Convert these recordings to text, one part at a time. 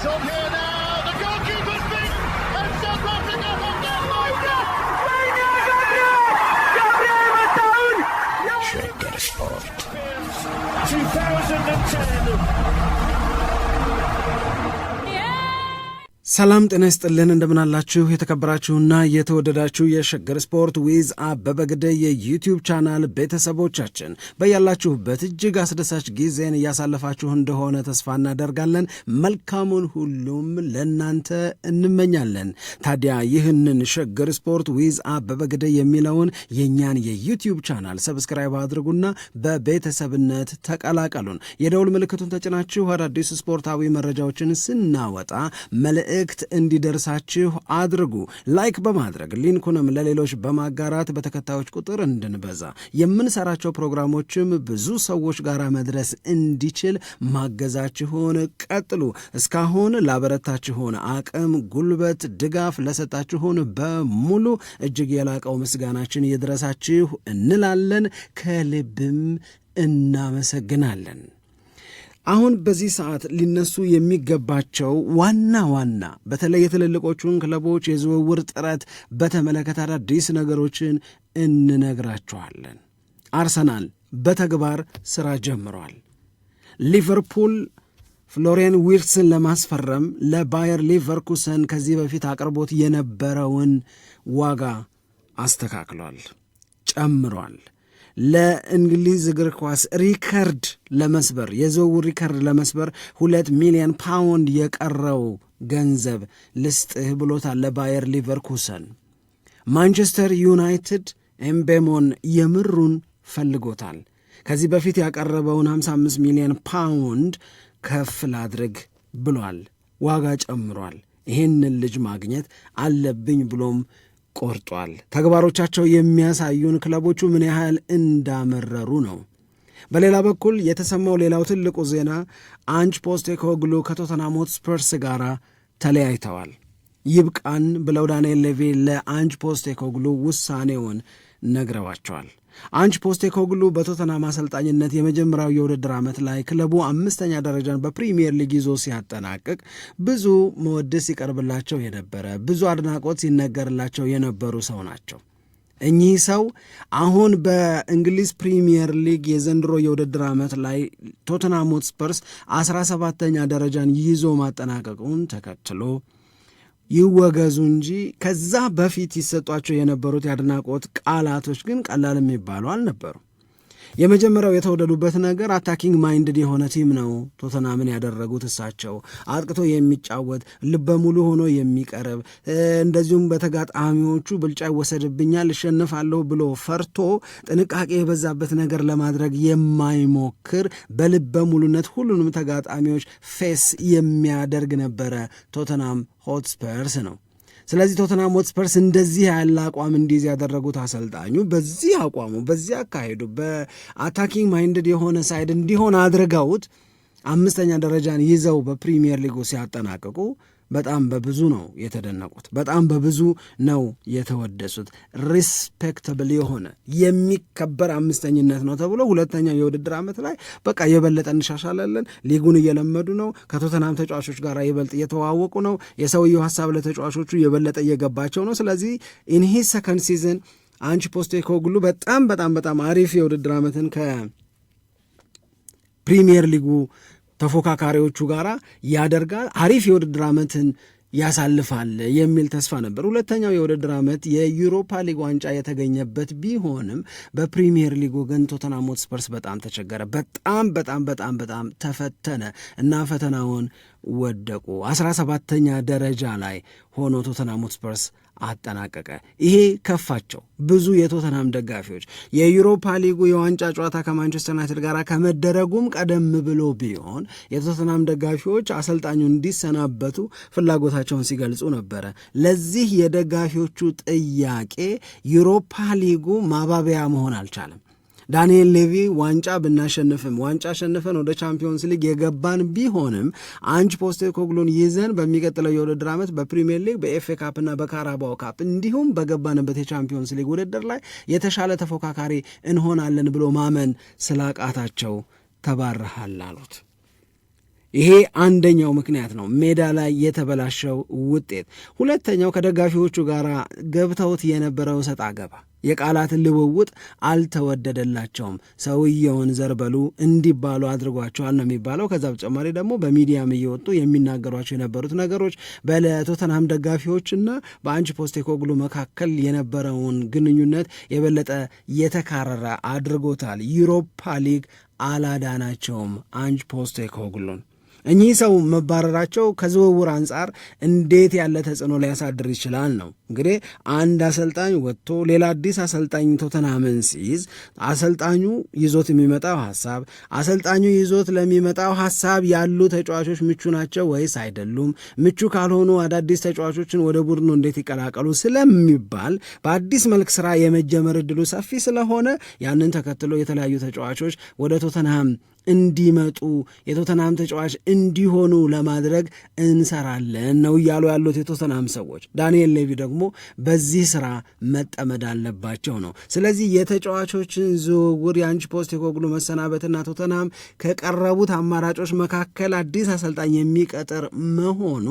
It's okay. ሰላም ጤና ይስጥልን እንደምናላችሁ የተከበራችሁና የተወደዳችሁ የሸገር ስፖርት ዊዝ አበበ ግደይ የዩቲዩብ ቻናል ቤተሰቦቻችን በያላችሁበት እጅግ አስደሳች ጊዜን እያሳለፋችሁ እንደሆነ ተስፋ እናደርጋለን። መልካሙን ሁሉም ለእናንተ እንመኛለን። ታዲያ ይህንን ሸገር ስፖርት ዊዝ አበበ ግደይ የሚለውን የእኛን የዩቲዩብ ቻናል ሰብስክራይብ አድርጉና በቤተሰብነት ተቀላቀሉን። የደውል ምልክቱን ተጭናችሁ አዳዲስ ስፖርታዊ መረጃዎችን ስናወጣ መልእክ መልእክት እንዲደርሳችሁ አድርጉ። ላይክ በማድረግ ሊንኩንም ለሌሎች በማጋራት በተከታዮች ቁጥር እንድንበዛ የምንሰራቸው ፕሮግራሞችም ብዙ ሰዎች ጋር መድረስ እንዲችል ማገዛችሁን ቀጥሉ። እስካሁን ላበረታችሁን አቅም፣ ጉልበት፣ ድጋፍ ለሰጣችሁን በሙሉ እጅግ የላቀው ምስጋናችን ይድረሳችሁ እንላለን። ከልብም እናመሰግናለን። አሁን በዚህ ሰዓት ሊነሱ የሚገባቸው ዋና ዋና በተለይ የትልልቆቹን ክለቦች የዝውውር ጥረት በተመለከተ አዳዲስ ነገሮችን እንነግራችኋለን። አርሰናል በተግባር ስራ ጀምሯል። ሊቨርፑል ፍሎሪያን ዊርትስን ለማስፈረም ለባየር ሊቨርኩሰን ከዚህ በፊት አቅርቦት የነበረውን ዋጋ አስተካክሏል፣ ጨምሯል። ለእንግሊዝ እግር ኳስ ሪከርድ ለመስበር የዝውውር ሪከርድ ለመስበር ሁለት ሚሊዮን ፓውንድ የቀረው ገንዘብ ልስጥህ ብሎታል ለባየር ሊቨርኩሰን። ማንቸስተር ዩናይትድ ኤምቤሞን የምሩን ፈልጎታል። ከዚህ በፊት ያቀረበውን 55 ሚሊዮን ፓውንድ ከፍ ላድርግ ብሏል። ዋጋ ጨምሯል። ይህንን ልጅ ማግኘት አለብኝ ብሎም ቆርጧል። ተግባሮቻቸው የሚያሳዩን ክለቦቹ ምን ያህል እንዳመረሩ ነው። በሌላ በኩል የተሰማው ሌላው ትልቁ ዜና አንጅ ፖስቴኮግሉ ከቶተንሃም ሆትስፐርስ ጋር ተለያይተዋል። ይብቃን ብለው ዳንኤል ሌቪ ለአንጅ ፖስቴኮግሉ ውሳኔውን ነግረዋቸዋል። አንች ፖስቴኮግሉ በቶተናም አሰልጣኝነት የመጀመሪያው የውድድር ዓመት ላይ ክለቡ አምስተኛ ደረጃን በፕሪሚየር ሊግ ይዞ ሲያጠናቅቅ ብዙ መወደስ ሲቀርብላቸው የነበረ ብዙ አድናቆት ሲነገርላቸው የነበሩ ሰው ናቸው። እኚህ ሰው አሁን በእንግሊዝ ፕሪሚየር ሊግ የዘንድሮ የውድድር ዓመት ላይ ቶተንሃም ሆትስፐርስ 17ኛ ደረጃን ይዞ ማጠናቀቁን ተከትሎ ይወገዙ እንጂ ከዛ በፊት ይሰጧቸው የነበሩት የአድናቆት ቃላቶች ግን ቀላል የሚባሉ አልነበሩ። የመጀመሪያው የተወደዱበት ነገር አታኪንግ ማይንድድ የሆነ ቲም ነው ቶተናምን ያደረጉት እሳቸው። አጥቅቶ የሚጫወት ልበ ሙሉ ሆኖ የሚቀርብ እንደዚሁም በተጋጣሚዎቹ ብልጫ ይወሰድብኛል እሸንፋለሁ ብሎ ፈርቶ ጥንቃቄ የበዛበት ነገር ለማድረግ የማይሞክር በልበ ሙሉነት ሁሉንም ተጋጣሚዎች ፌስ የሚያደርግ ነበረ ቶተናም ሆትስፐርስ ነው። ስለዚህ ቶተናም ሆትስፐርስ እንደዚህ ያለ አቋም እንዲይዝ ያደረጉት አሰልጣኙ በዚህ አቋሙ በዚህ አካሄዱ በአታኪንግ ማይንድድ የሆነ ሳይድ እንዲሆን አድርገውት አምስተኛ ደረጃን ይዘው በፕሪሚየር ሊጉ ሲያጠናቅቁ በጣም በብዙ ነው የተደነቁት፣ በጣም በብዙ ነው የተወደሱት። ሪስፔክተብል የሆነ የሚከበር አምስተኝነት ነው ተብሎ ሁለተኛው የውድድር ዓመት ላይ በቃ የበለጠ እንሻሻላለን፣ ሊጉን እየለመዱ ነው፣ ከቶተናም ተጫዋቾች ጋር ይበልጥ እየተዋወቁ ነው፣ የሰውየው ሀሳብ ለተጫዋቾቹ የበለጠ እየገባቸው ነው። ስለዚህ ኢንሂ ሰከንድ ሲዝን አንቺ ፖስቴኮግሉ በጣም በጣም በጣም አሪፍ የውድድር ዓመትን ከፕሪሚየር ሊጉ ተፎካካሪዎቹ ጋር ያደርጋል፣ አሪፍ የውድድር ዓመትን ያሳልፋል የሚል ተስፋ ነበር። ሁለተኛው የውድድር ዓመት የዩሮፓ ሊግ ዋንጫ የተገኘበት ቢሆንም በፕሪሚየር ሊጉ ግን ቶተንሃም ሆትስፐርስ በጣም ተቸገረ። በጣም በጣም በጣም በጣም ተፈተነ እና ፈተናውን ወደቁ። አስራ ሰባተኛ ደረጃ ላይ ሆኖ ቶተንሃም ሆትስፐርስ አጠናቀቀ። ይሄ ከፋቸው ብዙ የቶተናም ደጋፊዎች። የዩሮፓ ሊጉ የዋንጫ ጨዋታ ከማንቸስተር ዩናይትድ ጋር ከመደረጉም ቀደም ብሎ ቢሆን የቶተናም ደጋፊዎች አሰልጣኙ እንዲሰናበቱ ፍላጎታቸውን ሲገልጹ ነበረ። ለዚህ የደጋፊዎቹ ጥያቄ ዩሮፓ ሊጉ ማባቢያ መሆን አልቻለም። ዳንኤል ሌቪ ዋንጫ ብናሸንፍም ዋንጫ አሸንፈን ወደ ቻምፒዮንስ ሊግ የገባን ቢሆንም ፖስቴ ፖስቴኮግሉን ይዘን በሚቀጥለው የውድድር ዓመት በፕሪሚየር ሊግ በኤፍኤ ካፕና በካራባው ካፕ እንዲሁም በገባንበት የቻምፒዮንስ ሊግ ውድድር ላይ የተሻለ ተፎካካሪ እንሆናለን ብሎ ማመን ስላቃታቸው ተባረሃል አሉት። ይሄ አንደኛው ምክንያት ነው፣ ሜዳ ላይ የተበላሸው ውጤት። ሁለተኛው ከደጋፊዎቹ ጋር ገብተውት የነበረው ሰጣ ገባ የቃላትን ልውውጥ አልተወደደላቸውም። ሰውየውን ዘርበሉ እንዲባሉ አድርጓቸዋል ነው የሚባለው። ከዛ በተጨማሪ ደግሞ በሚዲያም እየወጡ የሚናገሯቸው የነበሩት ነገሮች በቶተንሃም ደጋፊዎችና በአንጅ ፖስቴኮግሉ መካከል የነበረውን ግንኙነት የበለጠ የተካረረ አድርጎታል። ዩሮፓ ሊግ አላዳናቸውም አንጅ ፖስቴኮግሉን እኚህ ሰው መባረራቸው ከዝውውር አንጻር እንዴት ያለ ተጽዕኖ ሊያሳድር ይችላል ነው እንግዲህ። አንድ አሰልጣኝ ወጥቶ ሌላ አዲስ አሰልጣኝ ቶተናምን ሲይዝ አሰልጣኙ ይዞት የሚመጣው ሀሳብ፣ አሰልጣኙ ይዞት ለሚመጣው ሀሳብ ያሉ ተጫዋቾች ምቹ ናቸው ወይስ አይደሉም፣ ምቹ ካልሆኑ አዳዲስ ተጫዋቾችን ወደ ቡድኑ እንዴት ይቀላቀሉ ስለሚባል በአዲስ መልክ ስራ የመጀመር እድሉ ሰፊ ስለሆነ ያንን ተከትሎ የተለያዩ ተጫዋቾች ወደ ቶተናም እንዲመጡ የቶተናም ተጫዋች እንዲሆኑ ለማድረግ እንሰራለን ነው እያሉ ያሉት የቶተናም ሰዎች። ዳንኤል ሌቪ ደግሞ በዚህ ስራ መጠመድ አለባቸው ነው። ስለዚህ የተጫዋቾችን ዝውውር ፖስት ፖስቴኮግሉ መሰናበትና ቶተናም ከቀረቡት አማራጮች መካከል አዲስ አሰልጣኝ የሚቀጥር መሆኑ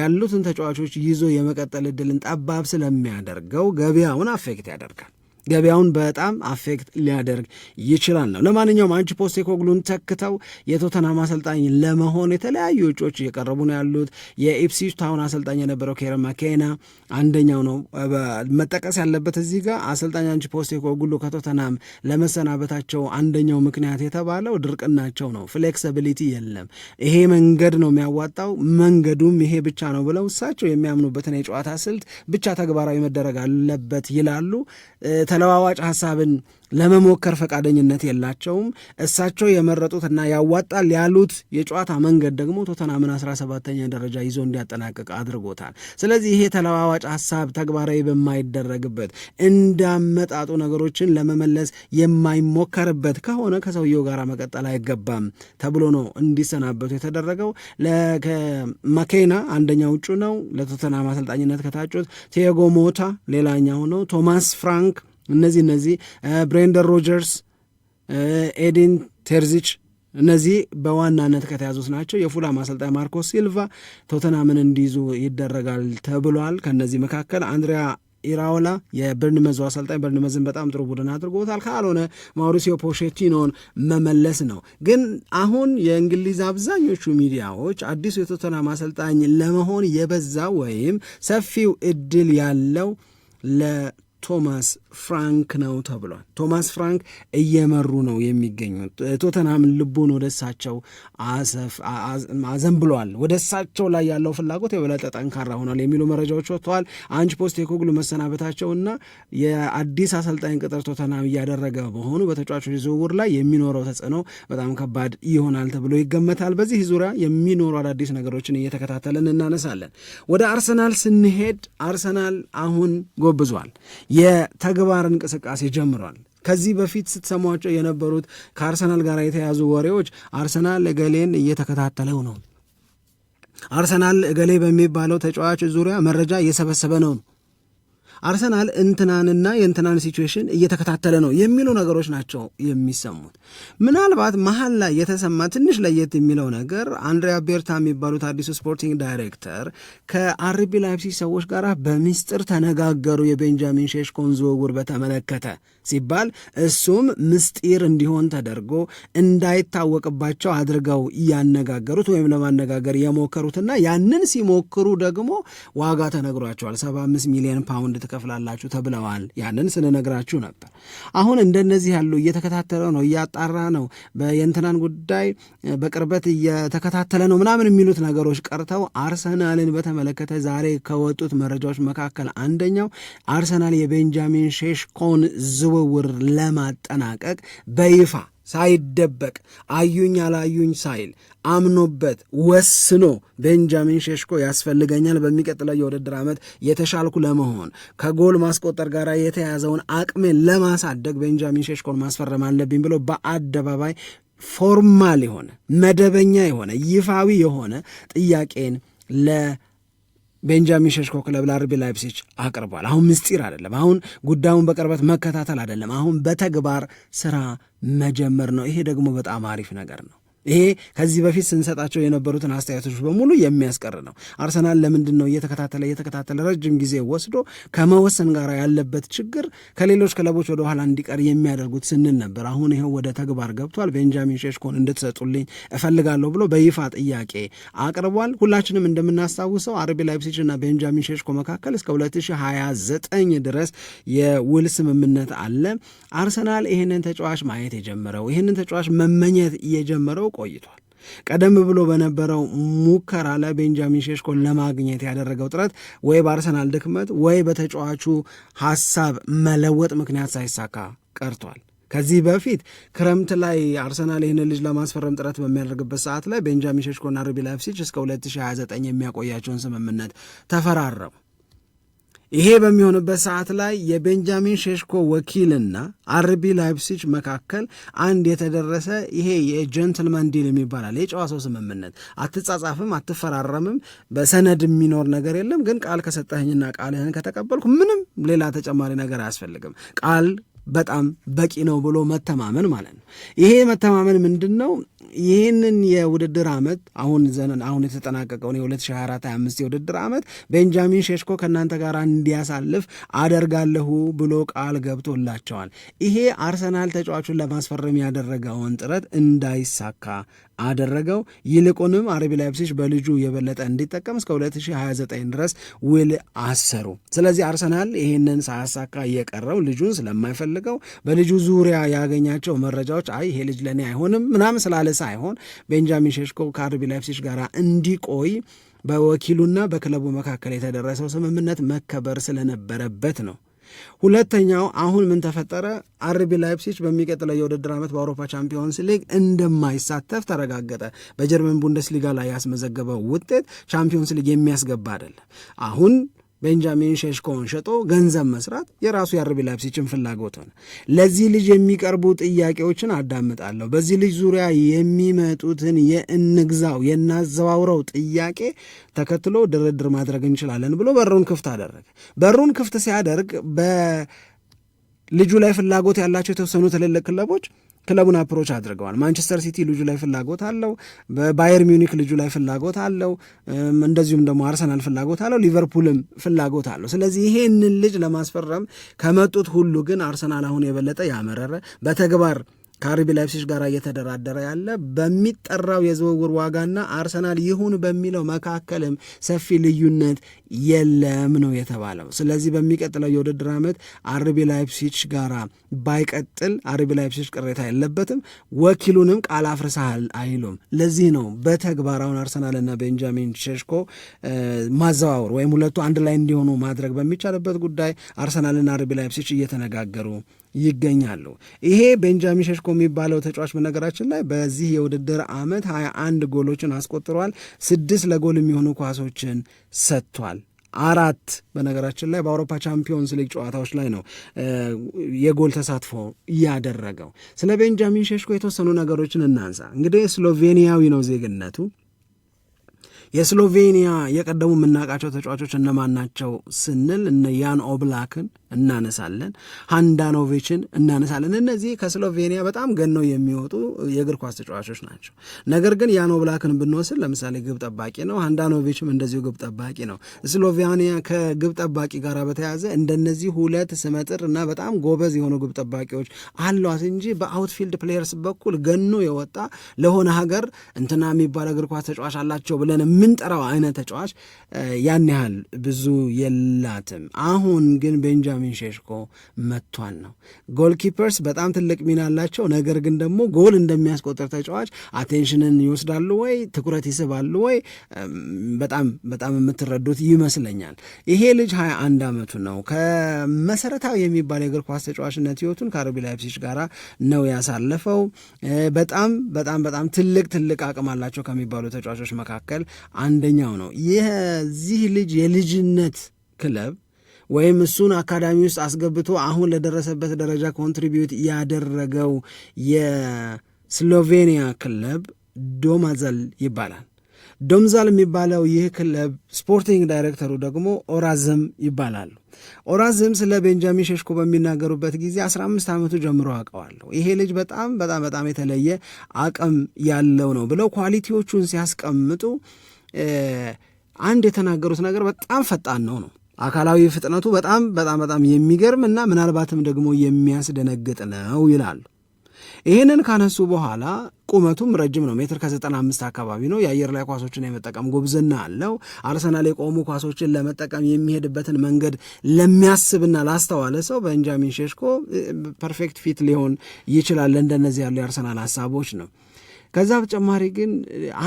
ያሉትን ተጫዋቾች ይዞ የመቀጠል እድልን ጠባብ ስለሚያደርገው ገበያውን አፌክት ያደርጋል። ገበያውን በጣም አፌክት ሊያደርግ ይችላል ነው። ለማንኛውም አንቺ ፖስቴኮግሉን ተክተው የቶተናም አሰልጣኝ ለመሆን የተለያዩ እጩዎች እየቀረቡ ነው ያሉት። የኢፕስዊች ታውን አሰልጣኝ የነበረው ኬረማ ኬና አንደኛው ነው መጠቀስ ያለበት እዚህ ጋር አሰልጣኝ አንቺ ፖስቴኮግሉ ከቶተናም ለመሰናበታቸው አንደኛው ምክንያት የተባለው ድርቅናቸው ነው። ፍሌክሲቢሊቲ የለም። ይሄ መንገድ ነው የሚያዋጣው፣ መንገዱም ይሄ ብቻ ነው ብለው እሳቸው የሚያምኑበትን የጨዋታ ስልት ብቻ ተግባራዊ መደረግ አለበት ይላሉ። ተለዋዋጭ ሀሳብን ለመሞከር ፈቃደኝነት የላቸውም። እሳቸው የመረጡትና ያዋጣል ያሉት የጨዋታ መንገድ ደግሞ ቶተናምን 17ተኛ ደረጃ ይዞ እንዲያጠናቅቅ አድርጎታል። ስለዚህ ይሄ ተለዋዋጭ ሀሳብ ተግባራዊ በማይደረግበት እንዳመጣጡ ነገሮችን ለመመለስ የማይሞከርበት ከሆነ ከሰውየው ጋር መቀጠል አይገባም ተብሎ ነው እንዲሰናበቱ የተደረገው። ለመኬና አንደኛ ውጩ ነው። ለቶተናም አሰልጣኝነት ከታጩት ቲያጎ ሞታ ሌላኛው ነው። ቶማስ ፍራንክ እነዚህ እነዚህ ብሬ ብሬንደን ሮጀርስ፣ ኤዲን ቴርዚች እነዚህ በዋናነት ከተያዙት ናቸው። የፉላም አሰልጣኝ ማርኮ ሲልቫ ቶተናምን እንዲይዙ ይደረጋል ተብሏል። ከእነዚህ መካከል አንድሪያ ኢራውላ የበርንመዙ አሰልጣኝ በርንመዝን በጣም ጥሩ ቡድን አድርጎታል። ካልሆነ ማውሪሲዮ ፖቼቲኖን መመለስ ነው። ግን አሁን የእንግሊዝ አብዛኞቹ ሚዲያዎች አዲሱ የቶተናም አሰልጣኝ ለመሆን የበዛ ወይም ሰፊው እድል ያለው ቶማስ ፍራንክ ነው ተብሏል። ቶማስ ፍራንክ እየመሩ ነው የሚገኙት። ቶተናም ልቡን ወደ እሳቸው አዘንብሏል። ወደ እሳቸው ላይ ያለው ፍላጎት የበለጠ ጠንካራ ሆኗል የሚሉ መረጃዎች ወጥተዋል። አንች ፖስት የኮግሉ መሰናበታቸው እና የአዲስ አሰልጣኝ ቅጥር ቶተናም እያደረገ በሆኑ በተጫዋቾች ዝውውር ላይ የሚኖረው ተጽዕኖ በጣም ከባድ ይሆናል ተብሎ ይገመታል። በዚህ ዙሪያ የሚኖሩ አዳዲስ ነገሮችን እየተከታተልን እናነሳለን። ወደ አርሰናል ስንሄድ አርሰናል አሁን ጎብዟል። የተግባር እንቅስቃሴ ጀምሯል። ከዚህ በፊት ስትሰሟቸው የነበሩት ከአርሰናል ጋር የተያዙ ወሬዎች አርሰናል እገሌን እየተከታተለው ነው፣ አርሰናል እገሌ በሚባለው ተጫዋች ዙሪያ መረጃ እየሰበሰበ ነው ነው አርሰናል እንትናንና የእንትናን ሲቹዌሽን እየተከታተለ ነው የሚሉ ነገሮች ናቸው የሚሰሙት። ምናልባት መሀል ላይ የተሰማ ትንሽ ለየት የሚለው ነገር አንድሪያ ቤርታ የሚባሉት አዲሱ ስፖርቲንግ ዳይሬክተር ከአርቢ ላይፕሲ ሰዎች ጋር በሚስጥር ተነጋገሩ የቤንጃሚን ሼሽኮን ዝውውር በተመለከተ ሲባል እሱም ምስጢር እንዲሆን ተደርጎ እንዳይታወቅባቸው አድርገው ያነጋገሩት ወይም ለማነጋገር የሞከሩትና ያንን ሲሞክሩ ደግሞ ዋጋ ተነግሯቸዋል። 75 ሚሊዮን ፓውንድ ትከፍላላችሁ ተብለዋል። ያንን ስንነግራችሁ ነበር። አሁን እንደነዚህ ያሉ እየተከታተለ ነው፣ እያጣራ ነው፣ የእንትናን ጉዳይ በቅርበት እየተከታተለ ነው ምናምን የሚሉት ነገሮች ቀርተው አርሰናልን በተመለከተ ዛሬ ከወጡት መረጃዎች መካከል አንደኛው አርሰናል የቤንጃሚን ሼሽኮን ዝውውር ለማጠናቀቅ በይፋ ሳይደበቅ አዩኝ አላዩኝ ሳይል አምኖበት ወስኖ ቤንጃሚን ሼሽኮ ያስፈልገኛል፣ በሚቀጥለው የውድድር ዓመት የተሻልኩ ለመሆን ከጎል ማስቆጠር ጋር የተያዘውን አቅሜን ለማሳደግ ቤንጃሚን ሼሽኮን ማስፈረም አለብኝ ብሎ በአደባባይ ፎርማል የሆነ መደበኛ የሆነ ይፋዊ የሆነ ጥያቄን ለ ቤንጃሚን ክለብ ለአርቢ ላይፕሲች አቅርቧል። አሁን ምስጢር አይደለም። አሁን ጉዳዩን በቅርበት መከታተል አይደለም። አሁን በተግባር ስራ መጀመር ነው። ይሄ ደግሞ በጣም አሪፍ ነገር ነው። ይሄ ከዚህ በፊት ስንሰጣቸው የነበሩትን አስተያየቶች በሙሉ የሚያስቀር ነው። አርሰናል ለምንድን ነው እየተከታተለ እየተከታተለ ረጅም ጊዜ ወስዶ ከመወሰን ጋር ያለበት ችግር ከሌሎች ክለቦች ወደ ኋላ እንዲቀር የሚያደርጉት ስንል ነበር። አሁን ይኸው ወደ ተግባር ገብቷል። ቤንጃሚን ሼሽኮን እንድትሰጡልኝ እፈልጋለሁ ብሎ በይፋ ጥያቄ አቅርቧል። ሁላችንም እንደምናስታውሰው አርቢ ላይፕሲች እና ቤንጃሚን ሼሽኮ መካከል እስከ 2029 ድረስ የውል ስምምነት አለ። አርሰናል ይህንን ተጫዋች ማየት የጀመረው ይህንን ተጫዋች መመኘት የጀመረው ቆይቷል። ቀደም ብሎ በነበረው ሙከራ ለቤንጃሚን ሼሽኮን ለማግኘት ያደረገው ጥረት ወይ በአርሰናል ድክመት ወይ በተጫዋቹ ሀሳብ መለወጥ ምክንያት ሳይሳካ ቀርቷል። ከዚህ በፊት ክረምት ላይ አርሰናል ይህን ልጅ ለማስፈረም ጥረት በሚያደርግበት ሰዓት ላይ ቤንጃሚን ሸሽኮና ርቢ እስከ 2029 የሚያቆያቸውን ስምምነት ተፈራረሙ። ይሄ በሚሆንበት ሰዓት ላይ የቤንጃሚን ሼሽኮ ወኪልና አርቢ ላይፕሲች መካከል አንድ የተደረሰ ይሄ የጀንትልማን ዲል የሚባላል የጨዋ ስምምነት፣ አትጻጻፍም፣ አትፈራረምም፣ በሰነድ የሚኖር ነገር የለም ግን ቃል ከሰጠኸኝና ቃልህን ከተቀበልኩ ምንም ሌላ ተጨማሪ ነገር አያስፈልግም ቃል በጣም በቂ ነው ብሎ መተማመን ማለት ነው። ይሄ መተማመን ምንድን ነው? ይህንን የውድድር ዓመት አሁን አሁን የተጠናቀቀውን የ2024/25 የውድድር ዓመት ቤንጃሚን ሼሽኮ ከእናንተ ጋር እንዲያሳልፍ አደርጋለሁ ብሎ ቃል ገብቶላቸዋል። ይሄ አርሰናል ተጫዋቹን ለማስፈረም ያደረገውን ጥረት እንዳይሳካ አደረገው። ይልቁንም አረቢ ላይፕሲሽ በልጁ የበለጠ እንዲጠቀም እስከ 2029 ድረስ ውል አሰሩ። ስለዚህ አርሰናል ይህንን ሳያሳካ እየቀረው ልጁን ስለማይፈልገው በልጁ ዙሪያ ያገኛቸው መረጃዎች አይ ይሄ ልጅ ለእኔ አይሆንም ምናምን ስላለ ሳይሆን ቤንጃሚን ሸሽኮ ከአረቢ ላይፕሲሽ ጋር እንዲቆይ በወኪሉና በክለቡ መካከል የተደረሰው ስምምነት መከበር ስለነበረበት ነው። ሁለተኛው አሁን ምን ተፈጠረ? አርቢ ላይፕሲች በሚቀጥለው የውድድር ዓመት በአውሮፓ ቻምፒዮንስ ሊግ እንደማይሳተፍ ተረጋገጠ። በጀርመን ቡንደስሊጋ ላይ ያስመዘገበው ውጤት ቻምፒዮንስ ሊግ የሚያስገባ አይደለም። አሁን ቤንጃሚን ሼሽኮን ሸጦ ገንዘብ መስራት የራሱ የአርቢ ላይፕሲችን ፍላጎት ሆነ። ለዚህ ልጅ የሚቀርቡ ጥያቄዎችን አዳምጣለሁ። በዚህ ልጅ ዙሪያ የሚመጡትን የእንግዛው የናዘዋውረው ጥያቄ ተከትሎ ድርድር ማድረግ እንችላለን ብሎ በሩን ክፍት አደረገ። በሩን ክፍት ሲያደርግ በልጁ ላይ ፍላጎት ያላቸው የተወሰኑ ትልልቅ ክለቦች ክለቡን አፕሮች አድርገዋል። ማንቸስተር ሲቲ ልጁ ላይ ፍላጎት አለው፣ በባየር ሚኒክ ልጁ ላይ ፍላጎት አለው፣ እንደዚሁም ደግሞ አርሰናል ፍላጎት አለው፣ ሊቨርፑልም ፍላጎት አለው። ስለዚህ ይሄንን ልጅ ለማስፈረም ከመጡት ሁሉ ግን አርሰናል አሁን የበለጠ ያመረረ በተግባር ከአርቢ ላይፕሲሽ ጋር እየተደራደረ ያለ በሚጠራው የዝውውር ዋጋና አርሰናል ይሁን በሚለው መካከልም ሰፊ ልዩነት የለም ነው የተባለው። ስለዚህ በሚቀጥለው የውድድር ዓመት አርቢ ላይፕሲች ጋር ባይቀጥል አርቢ ላይፕሲጅ ቅሬታ የለበትም፣ ወኪሉንም ቃል አፍርሰሃል አይሉም። ለዚህ ነው በተግባር በተግባራውን አርሰናልና ቤንጃሚን ሸሽኮ ማዘዋወር ወይም ሁለቱ አንድ ላይ እንዲሆኑ ማድረግ በሚቻልበት ጉዳይ አርሰናልና አርቢ ላይፕሲጅ እየተነጋገሩ ይገኛሉ። ይሄ ቤንጃሚን ሸሽኮ የሚባለው ተጫዋች በነገራችን ላይ በዚህ የውድድር ዓመት 21 ጎሎችን አስቆጥሯል። ስድስት ለጎል የሚሆኑ ኳሶችን ሰጥቷል። አራት በነገራችን ላይ በአውሮፓ ቻምፒዮንስ ሊግ ጨዋታዎች ላይ ነው የጎል ተሳትፎ ያደረገው። ስለ ቤንጃሚን ሸሽኮ የተወሰኑ ነገሮችን እናንሳ። እንግዲህ ስሎቬኒያዊ ነው ዜግነቱ። የስሎቬኒያ የቀደሙ የምናውቃቸው ተጫዋቾች እነማን ናቸው ስንል እነ ያን ኦብላክን እናነሳለን፣ ሃንዳኖቪችን እናነሳለን። እነዚህ ከስሎቬኒያ በጣም ገነው የሚወጡ የእግር ኳስ ተጫዋቾች ናቸው። ነገር ግን ያን ኦብላክን ብንወስድ ለምሳሌ ግብ ጠባቂ ነው። ሃንዳኖቪችም እንደዚሁ ግብ ጠባቂ ነው። ስሎቬኒያ ከግብ ጠባቂ ጋር በተያያዘ እንደነዚህ ሁለት ስመጥር እና በጣም ጎበዝ የሆኑ ግብ ጠባቂዎች አሏት እንጂ በአውትፊልድ ፕሌየርስ በኩል ገኖ የወጣ ለሆነ ሀገር እንትና የሚባል እግር ኳስ ተጫዋች አላቸው ብለን የምንጠራው አይነት ተጫዋች ያን ያህል ብዙ የላትም። አሁን ግን ቤንጃሚን ቤንጃሚን ሼሽኮ መጥቷል ነው። ጎል ኪፐርስ በጣም ትልቅ ሚና አላቸው። ነገር ግን ደግሞ ጎል እንደሚያስቆጥር ተጫዋች አቴንሽንን ይወስዳሉ ወይ ትኩረት ይስባሉ ወይ በጣም በጣም የምትረዱት ይመስለኛል። ይሄ ልጅ ሀ አንድ ዓመቱ ነው። ከመሰረታዊ የሚባል የእግር ኳስ ተጫዋችነት ህይወቱን ከአርቢ ላይፕሲች ጋር ነው ያሳለፈው። በጣም በጣም በጣም ትልቅ ትልቅ አቅም አላቸው ከሚባሉ ተጫዋቾች መካከል አንደኛው ነው። የዚህ ልጅ የልጅነት ክለብ ወይም እሱን አካዳሚ ውስጥ አስገብቶ አሁን ለደረሰበት ደረጃ ኮንትሪቢዩት ያደረገው የስሎቬኒያ ክለብ ዶማዘል ይባላል። ዶምዛል የሚባለው ይህ ክለብ ስፖርቲንግ ዳይሬክተሩ ደግሞ ኦራዝም ይባላሉ። ኦራዝም ስለ ቤንጃሚን ሸሽኮ በሚናገሩበት ጊዜ 15 ዓመቱ ጀምሮ አውቀዋለሁ ይሄ ልጅ በጣም በጣም በጣም የተለየ አቅም ያለው ነው ብለው ኳሊቲዎቹን ሲያስቀምጡ አንድ የተናገሩት ነገር በጣም ፈጣን ነው ነው አካላዊ ፍጥነቱ በጣም በጣም በጣም የሚገርም እና ምናልባትም ደግሞ የሚያስደነግጥ ነው ይላሉ። ይህንን ካነሱ በኋላ ቁመቱም ረጅም ነው፣ ሜትር ከ95 አካባቢ ነው። የአየር ላይ ኳሶችን የመጠቀም ጉብዝና አለው። አርሰናል የቆሙ ኳሶችን ለመጠቀም የሚሄድበትን መንገድ ለሚያስብና ላስተዋለ ሰው በንጃሚን ሼሽኮ ፐርፌክት ፊት ሊሆን ይችላል። እንደነዚህ ያሉ የአርሰናል ሀሳቦች ነው ከዛ በተጨማሪ ግን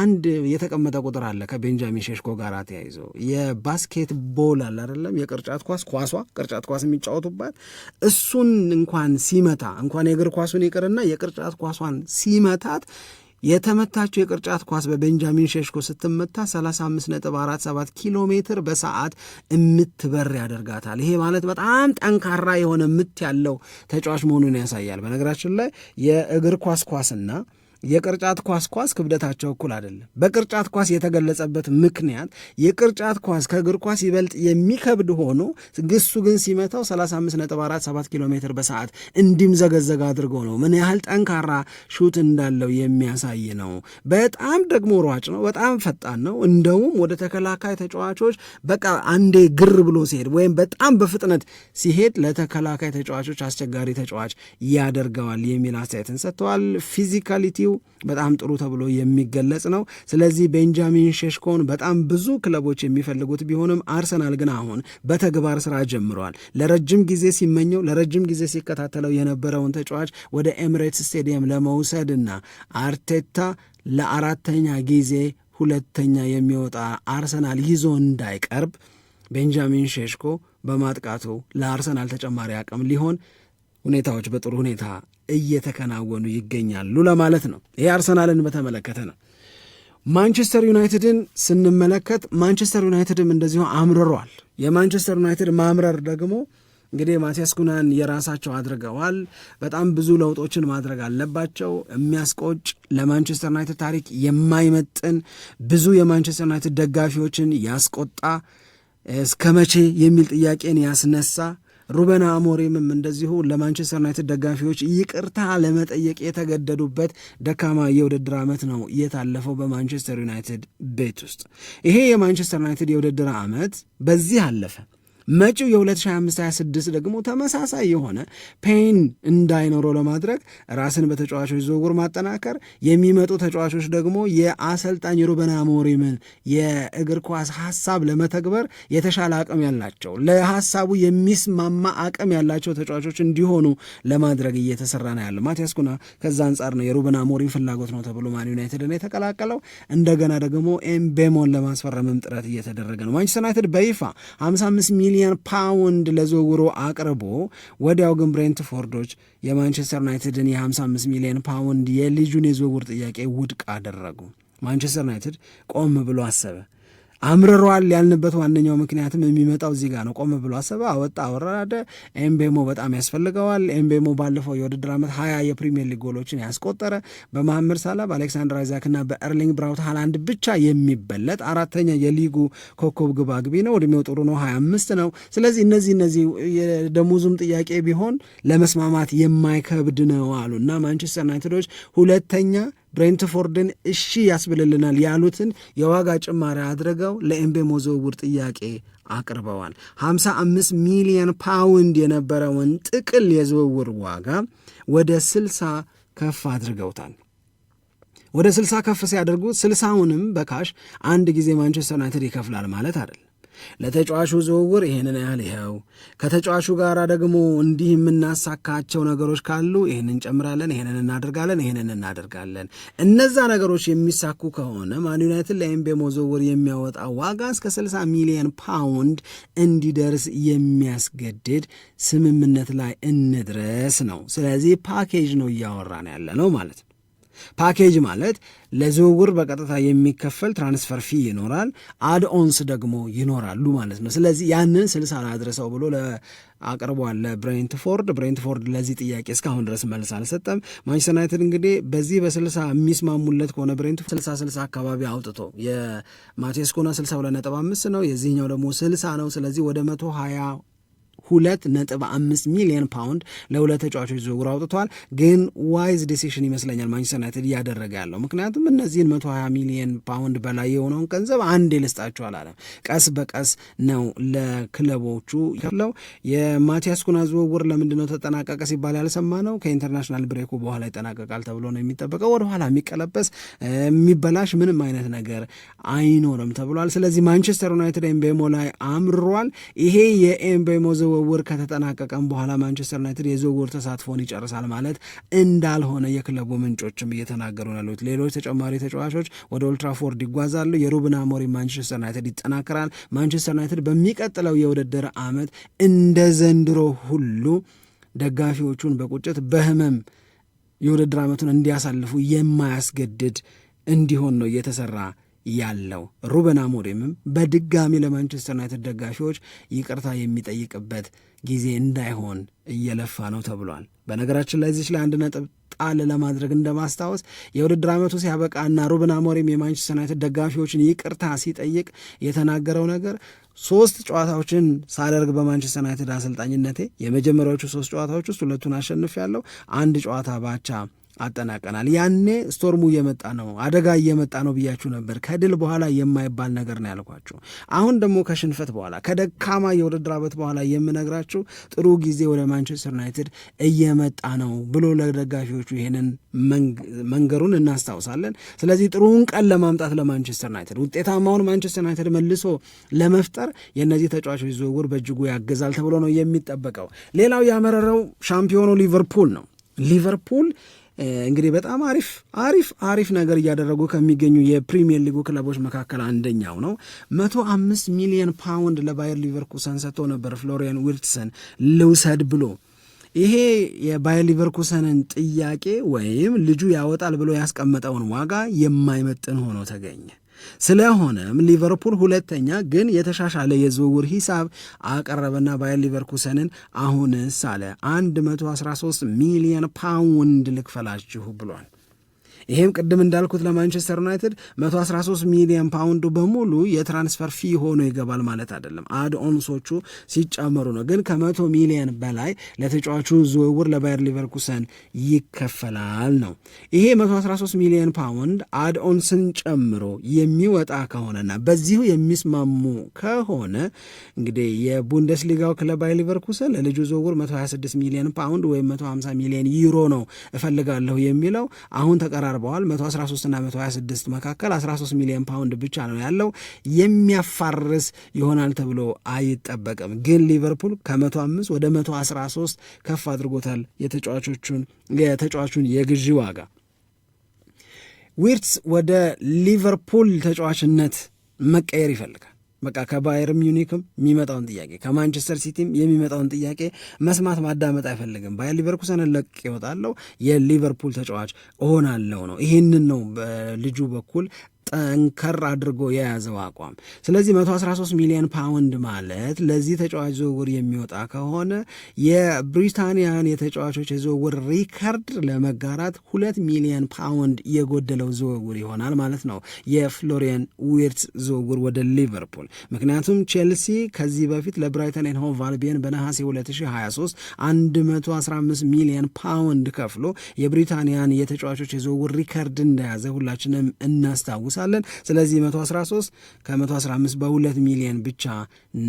አንድ የተቀመጠ ቁጥር አለ ከቤንጃሚን ሼሽኮ ጋር ተያይዞ የባስኬት ቦል አለ አይደለም፣ የቅርጫት ኳስ ኳሷ ቅርጫት ኳስ የሚጫወቱባት እሱን እንኳን ሲመታ እንኳን የእግር ኳሱን ይቅርና የቅርጫት ኳሷን ሲመታት የተመታችው የቅርጫት ኳስ በቤንጃሚን ሼሽኮ ስትመታ 35.47 ኪሎ ሜትር በሰዓት እምትበር ያደርጋታል። ይሄ ማለት በጣም ጠንካራ የሆነ ምት ያለው ተጫዋች መሆኑን ያሳያል። በነገራችን ላይ የእግር ኳስ ኳስና የቅርጫት ኳስ ኳስ ክብደታቸው እኩል አይደለም። በቅርጫት ኳስ የተገለጸበት ምክንያት የቅርጫት ኳስ ከእግር ኳስ ይበልጥ የሚከብድ ሆኖ ግሱ ግን ሲመታው 3547 ኪሎ ሜትር በሰዓት እንዲምዘገዘግ አድርጎ ነው። ምን ያህል ጠንካራ ሹት እንዳለው የሚያሳይ ነው። በጣም ደግሞ ሯጭ ነው። በጣም ፈጣን ነው። እንደውም ወደ ተከላካይ ተጫዋቾች በቃ አንዴ ግር ብሎ ሲሄድ ወይም በጣም በፍጥነት ሲሄድ ለተከላካይ ተጫዋቾች አስቸጋሪ ተጫዋች ያደርገዋል የሚል አስተያየትን ሰጥተዋል። ፊዚካሊቲው በጣም ጥሩ ተብሎ የሚገለጽ ነው። ስለዚህ ቤንጃሚን ሼሽኮን በጣም ብዙ ክለቦች የሚፈልጉት ቢሆንም አርሰናል ግን አሁን በተግባር ስራ ጀምረዋል። ለረጅም ጊዜ ሲመኘው ለረጅም ጊዜ ሲከታተለው የነበረውን ተጫዋች ወደ ኤምሬትስ ስቴዲየም ለመውሰድና አርቴታ ለአራተኛ ጊዜ ሁለተኛ የሚወጣ አርሰናል ይዞ እንዳይቀርብ ቤንጃሚን ሼሽኮ በማጥቃቱ ለአርሰናል ተጨማሪ አቅም ሊሆን ሁኔታዎች በጥሩ ሁኔታ እየተከናወኑ ይገኛሉ ለማለት ነው። ይሄ አርሰናልን በተመለከተ ነው። ማንቸስተር ዩናይትድን ስንመለከት ማንቸስተር ዩናይትድም እንደዚሁ አምርሯል። የማንቸስተር ዩናይትድ ማምረር ደግሞ እንግዲህ ማቲያስ ኩናን የራሳቸው አድርገዋል። በጣም ብዙ ለውጦችን ማድረግ አለባቸው። የሚያስቆጭ ለማንቸስተር ዩናይትድ ታሪክ የማይመጥን ብዙ የማንቸስተር ዩናይትድ ደጋፊዎችን ያስቆጣ እስከ መቼ የሚል ጥያቄን ያስነሳ ሩበን አሞሪምም እንደዚሁ ለማንቸስተር ዩናይትድ ደጋፊዎች ይቅርታ ለመጠየቅ የተገደዱበት ደካማ የውድድር ዓመት ነው የታለፈው በማንቸስተር ዩናይትድ ቤት ውስጥ። ይሄ የማንቸስተር ዩናይትድ የውድድር ዓመት በዚህ አለፈ። መጪው የ2025/26 ደግሞ ተመሳሳይ የሆነ ፔን እንዳይኖረው ለማድረግ ራስን በተጫዋቾች ዝውውር ማጠናከር፣ የሚመጡ ተጫዋቾች ደግሞ የአሰልጣኝ ሩበን አሞሪምን የእግር ኳስ ሀሳብ ለመተግበር የተሻለ አቅም ያላቸው ለሀሳቡ የሚስማማ አቅም ያላቸው ተጫዋቾች እንዲሆኑ ለማድረግ እየተሰራ ነው ያለው። ማቲያስ ኩና ከዛ አንጻር ነው የሩበን አሞሪም ፍላጎት ነው ተብሎ ማን ዩናይትድን የተቀላቀለው። እንደገና ደግሞ ኤምቤሞን ለማስፈረምም ጥረት እየተደረገ ነው። ማንቸስተር ዩናይትድ በይፋ 55 ሚሊ ሚሊዮን ፓውንድ ለዝውውሩ አቅርቦ ወዲያው ግን ብሬንትፎርዶች የማንቸስተር ዩናይትድን የ55 ሚሊዮን ፓውንድ የልጁን የዝውውር ጥያቄ ውድቅ አደረጉ። ማንቸስተር ዩናይትድ ቆም ብሎ አሰበ። አምርሯል ያልንበት ዋነኛው ምክንያትም የሚመጣው እዚህ ጋር ነው። ቆም ብሎ አሰበ፣ አወጣ፣ አወራረደ። ኤምቤሞ በጣም ያስፈልገዋል። ኤምቤሞ ባለፈው የውድድር ዓመት ሀያ የፕሪሚየር ሊግ ጎሎችን ያስቆጠረ በመሐመድ ሳላ በአሌክሳንድር አይዛክ አይዛክና በኤርሊንግ ብራውት ሃላንድ ብቻ የሚበለጥ አራተኛ የሊጉ ኮከብ ግብ አግቢ ነው። እድሜው ጥሩ ነው፣ ሀያ አምስት ነው። ስለዚህ እነዚህ እነዚህ የደሞዙም ጥያቄ ቢሆን ለመስማማት የማይከብድ ነው አሉ እና ማንቸስተር ዩናይትዶች ሁለተኛ ብሬንትፎርድን እሺ ያስብልልናል ያሉትን የዋጋ ጭማሪ አድርገው ለኤምቤሞ ዝውውር ጥያቄ አቅርበዋል። 55 ሚሊዮን ፓውንድ የነበረውን ጥቅል የዝውውር ዋጋ ወደ 60 ከፍ አድርገውታል። ወደ 60 ከፍ ሲያደርጉ 60ውንም በካሽ አንድ ጊዜ ማንቸስተር ዩናይትድ ይከፍላል ማለት አይደለም። ለተጫዋቹ ዝውውር ይህንን ያህል ይኸው፣ ከተጫዋቹ ጋር ደግሞ እንዲህ የምናሳካቸው ነገሮች ካሉ ይህን እንጨምራለን፣ ይህንን እናደርጋለን፣ ይህንን እናደርጋለን። እነዛ ነገሮች የሚሳኩ ከሆነ ማን ዩናይትድ ለኤምቤሞ ዝውውር የሚያወጣ ዋጋ እስከ 60 ሚሊዮን ፓውንድ እንዲደርስ የሚያስገድድ ስምምነት ላይ እንድረስ ነው። ስለዚህ ፓኬጅ ነው እያወራን ያለ ነው ማለት ነው። ፓኬጅ ማለት ለዝውውር በቀጥታ የሚከፈል ትራንስፈር ፊ ይኖራል፣ አድ ኦንስ ደግሞ ይኖራሉ ማለት ነው። ስለዚህ ያንን ስልሳ አላድረሰው ብሎ አቅርቧል ለብሬንትፎርድ። ብሬንትፎርድ ለዚህ ጥያቄ እስካሁን ድረስ መልስ አልሰጠም። ማንቸስተር ዩናይትድ እንግዲህ በዚህ በስልሳ የሚስማሙለት ከሆነ ብሬንት ስልሳ ስልሳ አካባቢ አውጥቶ የማቴስኮና ስልሳ ሁለት ነጥብ አምስት ነው የዚህኛው ደግሞ ስልሳ ነው። ስለዚህ ወደ መቶ ሀያ ሁለት ነጥብ አምስት ሚሊዮን ፓውንድ ለሁለት ተጫዋቾች ዝውውር አውጥተዋል። ግን ዋይዝ ዲሲሽን ይመስለኛል ማንቸስተር ዩናይትድ እያደረገ ያለው ምክንያቱም እነዚህን መቶ ሀያ ሚሊዮን ፓውንድ በላይ የሆነውን ገንዘብ አንዴ ልስጣችሁ አላለም። ቀስ በቀስ ነው ለክለቦቹ ለው የማቲያስ ኩና ዝውውር ለምንድነው ተጠናቀቀ ሲባል ያልሰማ ነው። ከኢንተርናሽናል ብሬኩ በኋላ ይጠናቀቃል ተብሎ ነው የሚጠበቀው። ወደኋላ የሚቀለበስ የሚበላሽ ምንም አይነት ነገር አይኖርም ተብሏል። ስለዚህ ማንቸስተር ዩናይትድ ኤምቤሞ ላይ አምርሯል። ይሄ የኤምቤሞ ዝውውር ዝውውር ከተጠናቀቀም በኋላ ማንቸስተር ዩናይትድ የዝውውር ተሳትፎን ይጨርሳል ማለት እንዳልሆነ የክለቡ ምንጮችም እየተናገሩ ነው ያሉት። ሌሎች ተጨማሪ ተጫዋቾች ወደ ኦልትራፎርድ ይጓዛሉ። የሩብን አሞሪም ማንቸስተር ዩናይትድ ይጠናከራል። ማንቸስተር ዩናይትድ በሚቀጥለው የውድድር ዓመት እንደ ዘንድሮ ሁሉ ደጋፊዎቹን በቁጭት በህመም የውድድር ዓመቱን እንዲያሳልፉ የማያስገድድ እንዲሆን ነው እየተሰራ ያለው ሩበን አሞሪምም በድጋሚ ለማንቸስተር ዩናይትድ ደጋፊዎች ይቅርታ የሚጠይቅበት ጊዜ እንዳይሆን እየለፋ ነው ተብሏል። በነገራችን ላይ ዚች ላይ አንድ ነጥብ ጣል ለማድረግ እንደማስታወስ የውድድር ዓመቱ ሲያበቃና ሩበን አሞሪም የማንቸስተር ዩናይትድ ደጋፊዎችን ይቅርታ ሲጠይቅ የተናገረው ነገር ሶስት ጨዋታዎችን ሳደርግ በማንቸስተር ዩናይትድ አሰልጣኝነቴ የመጀመሪያዎቹ ሶስት ጨዋታዎች ውስጥ ሁለቱን አሸንፍ ያለው አንድ ጨዋታ ባቻ አጠናቀናል። ያኔ ስቶርሙ እየመጣ ነው፣ አደጋ እየመጣ ነው ብያችሁ ነበር። ከድል በኋላ የማይባል ነገር ነው ያልኳችሁ። አሁን ደግሞ ከሽንፈት በኋላ ከደካማ የውድድር በት በኋላ የምነግራችሁ ጥሩ ጊዜ ወደ ማንቸስተር ዩናይትድ እየመጣ ነው ብሎ ለደጋፊዎቹ ይህንን መንገሩን እናስታውሳለን። ስለዚህ ጥሩውን ቀን ለማምጣት ለማንቸስተር ዩናይትድ ውጤታማውን ማንቸስተር ዩናይትድ መልሶ ለመፍጠር የእነዚህ ተጫዋቾች ዝውውር በእጅጉ ያግዛል ተብሎ ነው የሚጠበቀው። ሌላው ያመረረው ሻምፒዮኑ ሊቨርፑል ነው። ሊቨርፑል እንግዲህ በጣም አሪፍ አሪፍ አሪፍ ነገር እያደረጉ ከሚገኙ የፕሪሚየር ሊጉ ክለቦች መካከል አንደኛው ነው። መቶ አምስት ሚሊዮን ፓውንድ ለባየር ሊቨርኩሰን ሰጥቶ ነበር ፍሎሪያን ዊልትሰን ልውሰድ ብሎ ይሄ የባየር ሊቨርኩሰንን ጥያቄ ወይም ልጁ ያወጣል ብሎ ያስቀመጠውን ዋጋ የማይመጥን ሆኖ ተገኘ። ስለሆነም ሊቨርፑል ሁለተኛ ግን የተሻሻለ የዝውውር ሂሳብ አቀረበና ባየር ሊቨርኩሰንን አሁንስ አለ 113 ሚሊዮን ፓውንድ ልክፈላችሁ ብሏል። ይሄም ቅድም እንዳልኩት ለማንቸስተር ዩናይትድ 113 ሚሊዮን ፓውንድ በሙሉ የትራንስፈር ፊ ሆኖ ይገባል ማለት አይደለም። አድ ኦንሶቹ ሲጨመሩ ነው። ግን ከመቶ ሚሊዮን በላይ ለተጫዋቹ ዝውውር ለባየር ሊቨርኩሰን ይከፈላል ነው። ይሄ 113 ሚሊዮን ፓውንድ አድ ኦንስን ጨምሮ የሚወጣ ከሆነና በዚሁ የሚስማሙ ከሆነ እንግዲህ የቡንደስሊጋው ክለብ ባየር ሊቨርኩሰን ለልጁ ዝውውር 126 ሚሊዮን ፓውንድ ወይም 150 ሚሊዮን ዩሮ ነው እፈልጋለሁ የሚለው አሁን ተቀራ። ቀርበዋል። 113 113ና 126 መካከል 13 ሚሊዮን ፓውንድ ብቻ ነው ያለው። የሚያፋርስ ይሆናል ተብሎ አይጠበቅም። ግን ሊቨርፑል ከ105 ወደ 113 ከፍ አድርጎታል የተጫዋቾቹን የተጫዋቹን የግዢ ዋጋ። ዊርትስ ወደ ሊቨርፑል ተጫዋችነት መቀየር ይፈልጋል። በቃ ከባየር ሚዩኒክም የሚመጣውን ጥያቄ ከማንቸስተር ሲቲም የሚመጣውን ጥያቄ መስማት ማዳመጥ አይፈልግም። ባየር ሊቨርኩሰንን ለቅ ይወጣለው የሊቨርፑል ተጫዋች እሆናለው ነው። ይህንን ነው በልጁ በኩል ጠንከር አድርጎ የያዘው አቋም። ስለዚህ 113 ሚሊዮን ፓውንድ ማለት ለዚህ ተጫዋች ዝውውር የሚወጣ ከሆነ የብሪታንያን የተጫዋቾች የዝውውር ሪከርድ ለመጋራት ሁለት ሚሊዮን ፓውንድ የጎደለው ዝውውር ይሆናል ማለት ነው፣ የፍሎሪያን ዊርትስ ዝውውር ወደ ሊቨርፑል። ምክንያቱም ቼልሲ ከዚህ በፊት ለብራይተን ሆቭ ቫልቢየን በነሐሴ 2023 115 ሚሊዮን ፓውንድ ከፍሎ የብሪታንያን የተጫዋቾች የዝውውር ሪከርድ እንደያዘ ሁላችንም እናስታውስ እናነሳለን። ስለዚህ 113 ከ115 በሁለት ሚሊዮን ብቻ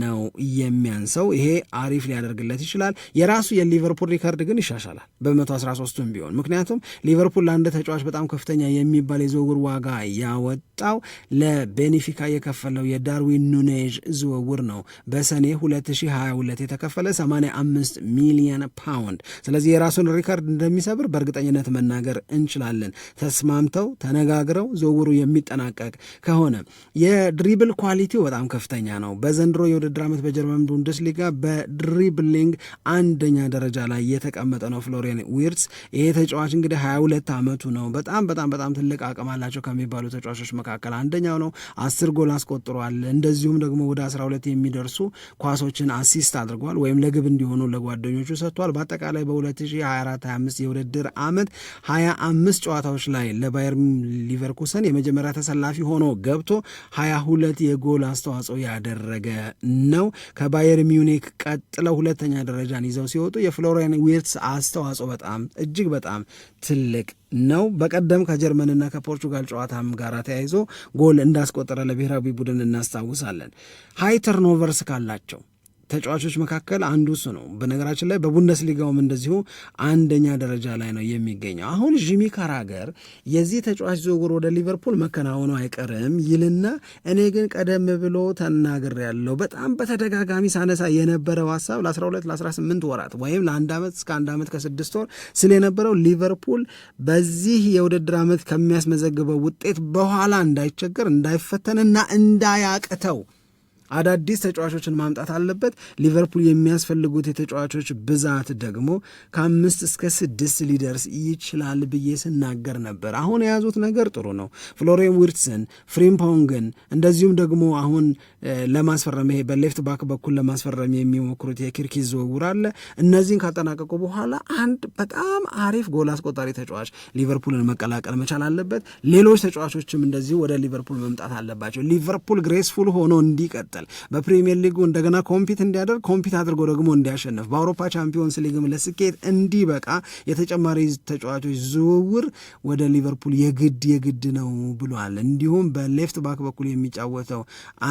ነው የሚያንሰው። ይሄ አሪፍ ሊያደርግለት ይችላል። የራሱ የሊቨርፑል ሪከርድ ግን ይሻሻላል በ113ቱም ቢሆን ምክንያቱም ሊቨርፑል ለአንድ ተጫዋች በጣም ከፍተኛ የሚባል የዝውውር ዋጋ ያወጣው ለቤኒፊካ የከፈለው የዳርዊን ኑኔዥ ዝውውር ነው በሰኔ 2022 የተከፈለ 85 ሚሊዮን ፓውንድ። ስለዚህ የራሱን ሪከርድ እንደሚሰብር በእርግጠኝነት መናገር እንችላለን። ተስማምተው ተነጋግረው ዝውውሩ የሚጠ የሚጠናቀቅ ከሆነ የድሪብል ኳሊቲው በጣም ከፍተኛ ነው። በዘንድሮ የውድድር ዓመት በጀርመን ቡንደስሊጋ በድሪብሊንግ አንደኛ ደረጃ ላይ የተቀመጠ ነው ፍሎሪያን ዊርትስ። ይሄ ተጫዋች እንግዲህ 22 ዓመቱ ነው። በጣም በጣም በጣም ትልቅ አቅም አላቸው ከሚባሉ ተጫዋቾች መካከል አንደኛው ነው። አስር ጎል አስቆጥሯል። እንደዚሁም ደግሞ ወደ 12 የሚደርሱ ኳሶችን አሲስት አድርጓል ወይም ለግብ እንዲሆኑ ለጓደኞቹ ሰጥቷል። በአጠቃላይ በ2024/25 የውድድር ዓመት 25 ጨዋታዎች ላይ ለባየር ሊቨርኩሰን የመጀመሪያ ተሰላፊ ሆኖ ገብቶ 22 የጎል አስተዋጽኦ ያደረገ ነው። ከባየር ሚዩኒክ ቀጥለው ሁለተኛ ደረጃን ይዘው ሲወጡ የፍሎሪያን ዊርትስ አስተዋጽኦ በጣም እጅግ በጣም ትልቅ ነው። በቀደም ከጀርመንና ከፖርቹጋል ጨዋታም ጋር ተያይዞ ጎል እንዳስቆጠረ ለብሔራዊ ቡድን እናስታውሳለን። ሀይ ተርኖቨርስ ካላቸው ተጫዋቾች መካከል አንዱ እሱ ነው። በነገራችን ላይ በቡንደስሊጋውም እንደዚሁ አንደኛ ደረጃ ላይ ነው የሚገኘው። አሁን ጂሚ ካራገር የዚህ ተጫዋች ዝውውር ወደ ሊቨርፑል መከናወኑ አይቀርም ይልና እኔ ግን ቀደም ብሎ ተናግር ያለው በጣም በተደጋጋሚ ሳነሳ የነበረው ሀሳብ ለ12 ለ18 ወራት ወይም ለአንድ ዓመት እስከ አንድ ዓመት ከስድስት ወር ስለነበረው ሊቨርፑል በዚህ የውድድር ዓመት ከሚያስመዘግበው ውጤት በኋላ እንዳይቸገር እንዳይፈተንና እንዳያቅተው አዳዲስ ተጫዋቾችን ማምጣት አለበት። ሊቨርፑል የሚያስፈልጉት የተጫዋቾች ብዛት ደግሞ ከአምስት እስከ ስድስት ሊደርስ ይችላል ብዬ ስናገር ነበር። አሁን የያዙት ነገር ጥሩ ነው። ፍሎሬን ዊርትስን፣ ፍሪምፖንግን እንደዚሁም ደግሞ አሁን ለማስፈረም ይሄ በሌፍት ባክ በኩል ለማስፈረም የሚሞክሩት የኪርኪዝ ዝውውር አለ። እነዚህን ካጠናቀቁ በኋላ አንድ በጣም አሪፍ ጎል አስቆጣሪ ተጫዋች ሊቨርፑልን መቀላቀል መቻል አለበት። ሌሎች ተጫዋቾችም እንደዚሁ ወደ ሊቨርፑል መምጣት አለባቸው። ሊቨርፑል ግሬስፉል ሆኖ እንዲቀጥል ለመቀጠል በፕሪሚየር ሊጉ እንደገና ኮምፒት እንዲያደርግ ኮምፒት አድርጎ ደግሞ እንዲያሸንፍ በአውሮፓ ቻምፒዮንስ ሊግም ለስኬት እንዲበቃ የተጨማሪ ተጫዋቾች ዝውውር ወደ ሊቨርፑል የግድ የግድ ነው ብሏል። እንዲሁም በሌፍት ባክ በኩል የሚጫወተው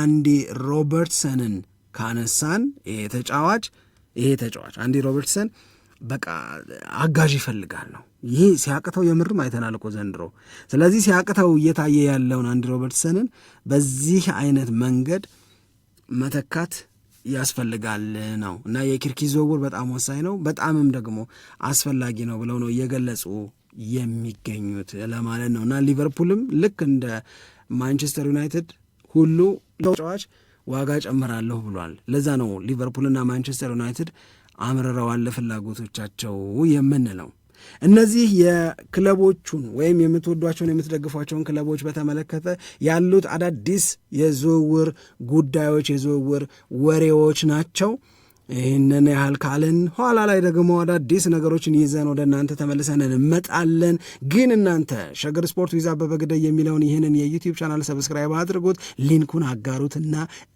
አንዲ ሮበርትሰንን ካነሳን ይሄ ተጫዋች ይሄ ተጫዋች አንዲ ሮበርትሰን በቃ አጋዥ ይፈልጋል ነው። ይህ ሲያቅተው የምርም አይተናል እኮ ዘንድሮ። ስለዚህ ሲያቅተው እየታየ ያለውን አንዲ ሮበርትሰንን በዚህ አይነት መንገድ መተካት ያስፈልጋል ነው እና የኪርኪ ዝውውር በጣም ወሳኝ ነው፣ በጣምም ደግሞ አስፈላጊ ነው ብለው ነው እየገለጹ የሚገኙት ለማለት ነው እና ሊቨርፑልም ልክ እንደ ማንቸስተር ዩናይትድ ሁሉ ተጫዋች ዋጋ ጨምራለሁ ብሏል። ለዛ ነው ሊቨርፑልና ማንቸስተር ዩናይትድ አምርረዋል ለፍላጎቶቻቸው የምንለው። እነዚህ የክለቦቹን ወይም የምትወዷቸውን የምትደግፏቸውን ክለቦች በተመለከተ ያሉት አዳዲስ የዝውውር ጉዳዮች የዝውውር ወሬዎች ናቸው። ይህንን ያህል ካልን ኋላ ላይ ደግሞ አዳዲስ ነገሮችን ይዘን ወደ እናንተ ተመልሰን እንመጣለን። ግን እናንተ ሸገር ስፖርት ዊዛ አበበ ግደይ የሚለውን ይህንን የዩቲዩብ ቻናል ሰብስክራይብ አድርጉት፣ ሊንኩን አጋሩትና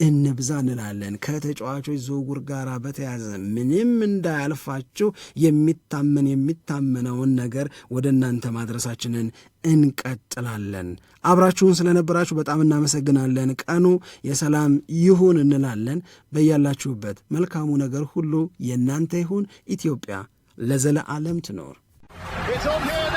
እንብዛ እንላለን። ከተጫዋቾች ዝውውር ጋር በተያዘ ምንም እንዳያልፋችሁ የሚታመን የሚታመነውን ነገር ወደ እናንተ ማድረሳችንን እንቀጥላለን። አብራችሁን ስለነበራችሁ በጣም እናመሰግናለን። ቀኑ የሰላም ይሁን እንላለን። በያላችሁበት መልካሙ ነገር ሁሉ የእናንተ ይሁን። ኢትዮጵያ ለዘለዓለም ትኖር።